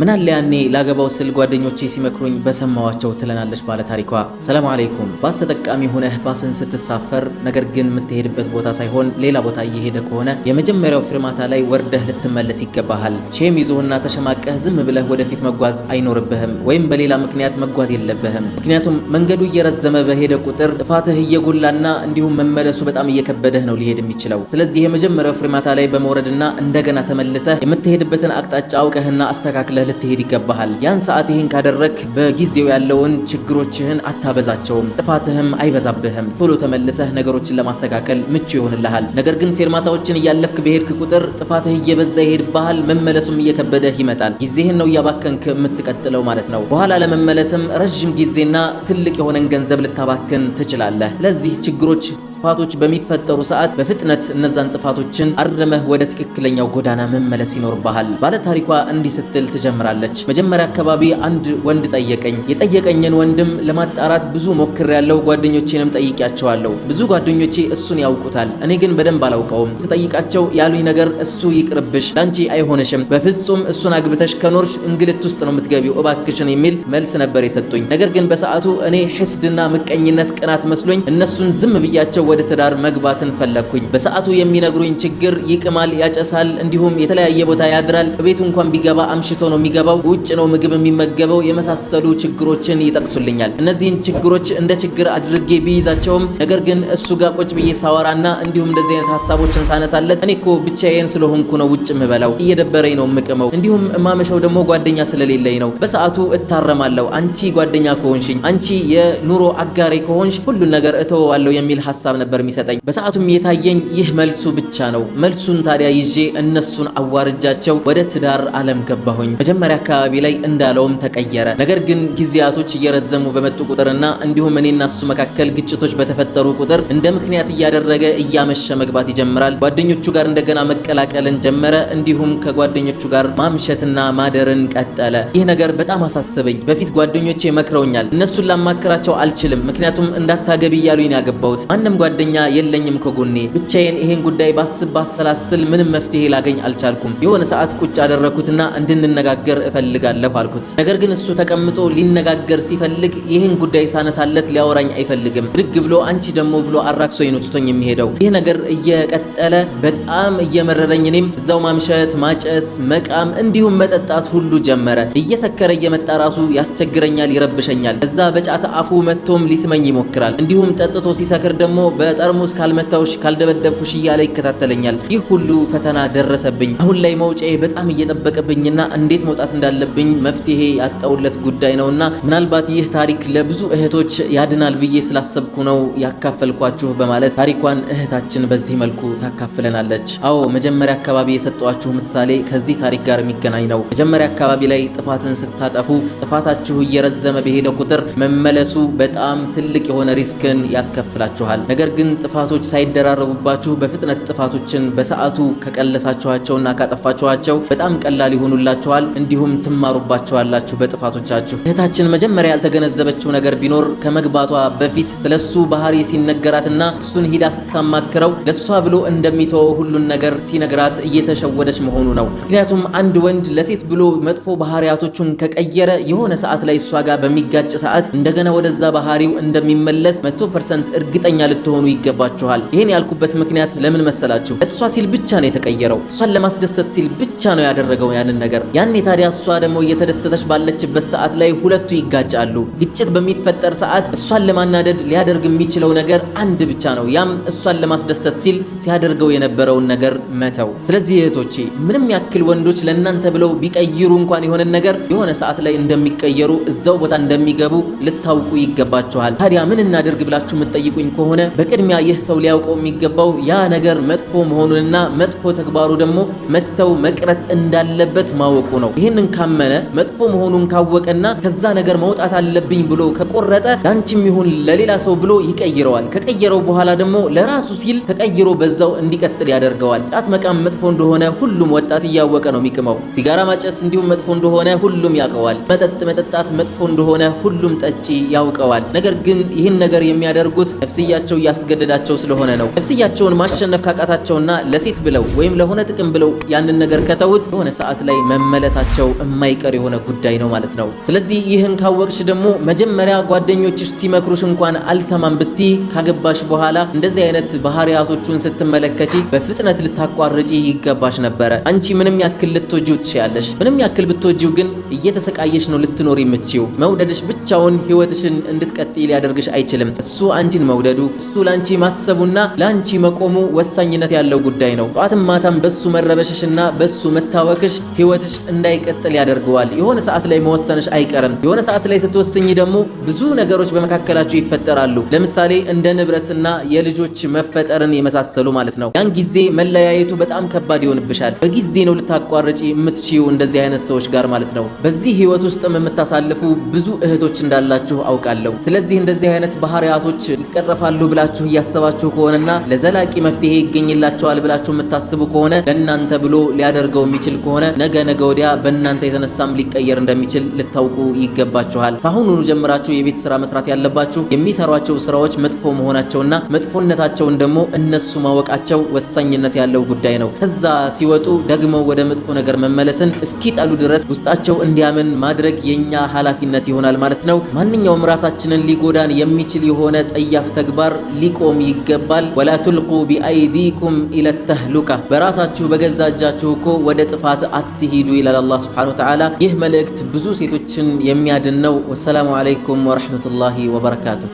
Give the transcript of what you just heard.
ምናለ ያኔ ላገባው ስል ጓደኞቼ ሲመክሩኝ በሰማዋቸው ትለናለች ባለ ታሪኳ። ሰላም አለይኩም። ባስ ተጠቃሚ ሆነህ ባስን ስትሳፈር ነገር ግን የምትሄድበት ቦታ ሳይሆን ሌላ ቦታ እየሄደ ከሆነ የመጀመሪያው ፊርማታ ላይ ወርደህ ልትመለስ ይገባሃል። ሼም ይዞህና ተሸማቀህ ዝም ብለህ ወደፊት መጓዝ አይኖርብህም፣ ወይም በሌላ ምክንያት መጓዝ የለብህም። ምክንያቱም መንገዱ እየረዘመ በሄደ ቁጥር ጥፋትህ እየጎላና እንዲሁም መመለሱ በጣም እየከበደህ ነው ሊሄድ የሚችለው። ስለዚህ የመጀመሪያው ፊርማታ ላይ በመውረድና እንደገና ተመልሰህ የምትሄድበትን አቅጣጫ አውቀህና አስተካክለህ ልትሄድ ይገባሃል። ያን ሰዓት ይህን ካደረግ በጊዜው ያለውን ችግሮችህን አታበዛቸውም፣ ጥፋትህም አይበዛብህም። ቶሎ ተመልሰህ ነገሮችን ለማስተካከል ምቹ ይሆንልሃል። ነገር ግን ፌርማታዎችን እያለፍክ በሄድክ ቁጥር ጥፋትህ እየበዛ ይሄድብሃል፣ መመለሱም እየከበደህ ይመጣል። ጊዜህን ነው እያባከንክ የምትቀጥለው ማለት ነው። በኋላ ለመመለስም ረዥም ጊዜና ትልቅ የሆነን ገንዘብ ልታባክን ትችላለህ። ስለዚህ ችግሮች ጥፋቶች በሚፈጠሩ ሰዓት በፍጥነት እነዛን ጥፋቶችን አርመህ ወደ ትክክለኛው ጎዳና መመለስ ይኖርብሃል። ባለ ታሪኳ እንዲህ ስትል ትጀምራለች። መጀመሪያ አካባቢ አንድ ወንድ ጠየቀኝ። የጠየቀኝን ወንድም ለማጣራት ብዙ ሞክሬያለሁ። ጓደኞቼንም ጠይቂያቸዋለሁ። ብዙ ጓደኞቼ እሱን ያውቁታል፣ እኔ ግን በደንብ አላውቀውም። ስጠይቃቸው ያሉኝ ነገር እሱ ይቅርብሽ፣ ላንቺ አይሆንሽም፣ በፍጹም እሱን አግብተሽ ከኖርሽ እንግልት ውስጥ ነው የምትገቢው፣ እባክሽን የሚል መልስ ነበር የሰጡኝ። ነገር ግን በሰዓቱ እኔ ሕስድና ምቀኝነት፣ ቅናት መስሎኝ እነሱን ዝም ብያቸው ወደ ትዳር መግባትን ፈለግኩኝ። በሰዓቱ የሚነግሩኝ ችግር ይቅማል፣ ያጨሳል፣ እንዲሁም የተለያየ ቦታ ያድራል። ቤቱ እንኳን ቢገባ አምሽቶ ነው የሚገባው፣ ውጭ ነው ምግብ የሚመገበው፣ የመሳሰሉ ችግሮችን ይጠቅሱልኛል። እነዚህን ችግሮች እንደ ችግር አድርጌ ቢይዛቸውም ነገር ግን እሱ ጋር ቁጭ ብዬ ሳወራና እንዲሁም እንደዚህ አይነት ሀሳቦችን ሳነሳለት እኔ እኮ ብቻዬን ስለሆንኩ ነው ውጭ የምበላው፣ እየደበረኝ ነው የምቅመው፣ እንዲሁም ማመሻው ደግሞ ጓደኛ ስለሌለኝ ነው። በሰዓቱ እታረማለሁ፣ አንቺ ጓደኛ ከሆንሽኝ፣ አንቺ የኑሮ አጋሬ ከሆንሽ ሁሉን ነገር እተወዋለሁ የሚል ሀሳብ ነበር ነበር የሚሰጠኝ። በሰዓቱም የታየኝ ይህ መልሱ ብቻ ነው። መልሱን ታዲያ ይዤ እነሱን አዋርጃቸው ወደ ትዳር ዓለም ገባሁኝ። መጀመሪያ አካባቢ ላይ እንዳለውም ተቀየረ። ነገር ግን ጊዜያቶች እየረዘሙ በመጡ ቁጥርና እንዲሁም እኔና እሱ መካከል ግጭቶች በተፈጠሩ ቁጥር እንደ ምክንያት እያደረገ እያመሸ መግባት ይጀምራል። ጓደኞቹ ጋር እንደገና መቀላቀልን ጀመረ። እንዲሁም ከጓደኞቹ ጋር ማምሸትና ማደርን ቀጠለ። ይህ ነገር በጣም አሳሰበኝ። በፊት ጓደኞቼ መክረውኛል። እነሱን ላማክራቸው አልችልም፣ ምክንያቱም እንዳታገቢ እያሉኝ ያገባሁት ማንም ጓደ ጓደኛ የለኝም ከጎኔ ብቻዬን ይሄን ጉዳይ ባስብ ባሰላስል ምንም መፍትሄ ላገኝ አልቻልኩም። የሆነ ሰዓት ቁጭ አደረኩትና እንድንነጋገር እፈልጋለሁ አልኩት። ነገር ግን እሱ ተቀምጦ ሊነጋገር ሲፈልግ ይህን ጉዳይ ሳነሳለት ሊያወራኝ አይፈልግም። ብድግ ብሎ አንቺ ደግሞ ብሎ አራክሶኝ ነው ትቶኝ የሚሄደው። ይህ ነገር እየቀጠለ በጣም እየመረረኝ እኔም እዛው ማምሸት፣ ማጨስ፣ መቃም እንዲሁም መጠጣት ሁሉ ጀመረ። እየሰከረ እየመጣ ራሱ ያስቸግረኛል፣ ይረብሸኛል። እዛ በጫተ አፉ መጥቶም ሊስመኝ ይሞክራል። እንዲሁም ጠጥቶ ሲሰክር ደግሞ በጠርሙስ ካልመታውሽ ካልደበደብኩሽ እያለ ይከታተለኛል። ይህ ሁሉ ፈተና ደረሰብኝ። አሁን ላይ መውጫዬ በጣም እየጠበቀብኝና እንዴት መውጣት እንዳለብኝ መፍትሄ ያጣውለት ጉዳይ ነውና ምናልባት ይህ ታሪክ ለብዙ እህቶች ያድናል ብዬ ስላሰብኩ ነው ያካፈልኳችሁ በማለት ታሪኳን እህታችን በዚህ መልኩ ታካፍለናለች። አዎ መጀመሪያ አካባቢ የሰጠዋችሁ ምሳሌ ከዚህ ታሪክ ጋር የሚገናኝ ነው። መጀመሪያ አካባቢ ላይ ጥፋትን ስታጠፉ ጥፋታችሁ እየረዘመ በሄደ ቁጥር መመለሱ በጣም ትልቅ የሆነ ሪስክን ያስከፍላችኋል። ነገር ነገር ግን ጥፋቶች ሳይደራረቡባችሁ በፍጥነት ጥፋቶችን በሰዓቱ ከቀለሳችኋቸውና ካጠፋችኋቸው በጣም ቀላል ይሆኑላችኋል፣ እንዲሁም ትማሩባቸዋላችሁ በጥፋቶቻችሁ። እህታችን መጀመሪያ ያልተገነዘበችው ነገር ቢኖር ከመግባቷ በፊት ስለሱ ባህሪ ሲነገራትና እሱን ሂዳ ስታማክረው ለሷ ብሎ እንደሚተወ ሁሉን ነገር ሲነግራት እየተሸወደች መሆኑ ነው። ምክንያቱም አንድ ወንድ ለሴት ብሎ መጥፎ ባህሪያቶቹን ከቀየረ የሆነ ሰዓት ላይ እሷ ጋር በሚጋጭ ሰዓት እንደገና ወደዛ ባህሪው እንደሚመለስ መቶ ፐርሰንት እርግጠኛ ልትሆ ልትሆኑ ይገባችኋል። ይህን ያልኩበት ምክንያት ለምን መሰላችሁ? እሷ ሲል ብቻ ነው የተቀየረው። እሷን ለማስደሰት ሲል ብቻ ነው ያደረገው ያንን ነገር። ያኔ ታዲያ እሷ ደግሞ እየተደሰተች ባለችበት ሰዓት ላይ ሁለቱ ይጋጫሉ። ግጭት በሚፈጠር ሰዓት እሷን ለማናደድ ሊያደርግ የሚችለው ነገር አንድ ብቻ ነው። ያም እሷን ለማስደሰት ሲል ሲያደርገው የነበረውን ነገር መተው። ስለዚህ እህቶቼ ምንም ያክል ወንዶች ለእናንተ ብለው ቢቀይሩ እንኳን የሆነን ነገር የሆነ ሰዓት ላይ እንደሚቀየሩ እዛው ቦታ እንደሚገቡ ልታውቁ ይገባችኋል። ታዲያ ምን እናደርግ ብላችሁ የምትጠይቁኝ ከሆነ በቅድሚያ ይህ ሰው ሊያውቀው የሚገባው ያ ነገር መጥፎ መሆኑንና መጥፎ ተግባሩ ደግሞ መተው መቀ መቅረት እንዳለበት ማወቁ ነው። ይህንን ካመነ መጥፎ መሆኑን ካወቀና ከዛ ነገር መውጣት አለብኝ ብሎ ከቆረጠ ላንቺም ይሁን ለሌላ ሰው ብሎ ይቀይረዋል። ከቀየረው በኋላ ደግሞ ለራሱ ሲል ተቀይሮ በዛው እንዲቀጥል ያደርገዋል። ጫት መቃም መጥፎ እንደሆነ ሁሉም ወጣት እያወቀ ነው የሚቅመው። ሲጋራ ማጨስ እንዲሁም መጥፎ እንደሆነ ሁሉም ያውቀዋል። መጠጥ መጠጣት መጥፎ እንደሆነ ሁሉም ጠጪ ያውቀዋል። ነገር ግን ይህን ነገር የሚያደርጉት ነፍስያቸው እያስገደዳቸው ስለሆነ ነው። ነፍስያቸውን ማሸነፍ ካቃታቸውና ለሴት ብለው ወይም ለሆነ ጥቅም ብለው ያንን ነገር ከተውት በሆነ ሰዓት ላይ መመለሳቸው የማይቀር የሆነ ጉዳይ ነው ማለት ነው። ስለዚህ ይህን ካወቅሽ ደግሞ መጀመሪያ ጓደኞችሽ ሲመክሩሽ እንኳን አልሰማም ብቲ ካገባሽ በኋላ እንደዚህ አይነት ባህሪያቶቹን ስትመለከቺ በፍጥነት ልታቋርጪ ይገባሽ ነበረ። አንቺ ምንም ያክል ልትወጂው ትችያለሽ። ምንም ያክል ብትወጂው ግን እየተሰቃየሽ ነው ልትኖር የምትችው። መውደድሽ ብቻውን ህይወትሽን እንድትቀጥይ ሊያደርግሽ አይችልም። እሱ አንቺን መውደዱ፣ እሱ ለአንቺ ማሰቡና ለአንቺ መቆሙ ወሳኝነት ያለው ጉዳይ ነው። ጠዋትም ማታም በሱ መረበሸሽና በሱ መታወክሽ ህይወትሽ እንዳይቀጥል ያደርገዋል። የሆነ ሰዓት ላይ መወሰንሽ አይቀርም። የሆነ ሰዓት ላይ ስትወስኝ ደግሞ ብዙ ነገሮች በመካከላችሁ ይፈጠራሉ። ለምሳሌ እንደ ንብረትና የልጆች መፈጠርን የመሳሰሉ ማለት ነው። ያን ጊዜ መለያየቱ በጣም ከባድ ይሆንብሻል። በጊዜ ነው ልታቋርጪ የምትችዩ እንደዚህ አይነት ሰዎች ጋር ማለት ነው። በዚህ ህይወት ውስጥም የምታሳልፉ ብዙ እህቶች እንዳላችሁ አውቃለሁ። ስለዚህ እንደዚህ አይነት ባህሪያቶች ይቀረፋሉ ብላችሁ እያሰባችሁ ከሆነና ለዘላቂ መፍትሄ ይገኝላቸዋል ብላችሁ የምታስቡ ከሆነ ለእናንተ ብሎ ሊያደርግ ሊያደርገው የሚችል ከሆነ ነገ ነገ ወዲያ በእናንተ የተነሳም ሊቀየር እንደሚችል ልታውቁ ይገባችኋል። ከአሁኑኑ ጀምራችሁ የቤት ስራ መስራት ያለባችሁ የሚሰሯቸው ስራዎች መጥፎ መሆናቸውና መጥፎነታቸውን ደግሞ እነሱ ማወቃቸው ወሳኝነት ያለው ጉዳይ ነው። ከዛ ሲወጡ ደግሞ ወደ መጥፎ ነገር መመለስን እስኪጠሉ ድረስ ውስጣቸው እንዲያምን ማድረግ የኛ ኃላፊነት ይሆናል ማለት ነው። ማንኛውም ራሳችንን ሊጎዳን የሚችል የሆነ ጸያፍ ተግባር ሊቆም ይገባል። ወላ ቱልቁ ቢአይዲኩም ኢለተህሉካ በራሳችሁ በገዛ እጃችሁ እኮ ወደ ጥፋት አትሂዱ ይላል አላህ ሱብሓነሁ ወተዓላ። ይህ መልእክት ብዙ ሴቶችን የሚያድን ነው። ወሰላሙ አለይኩም ወረሕመቱላሂ ወበረካቱሁ።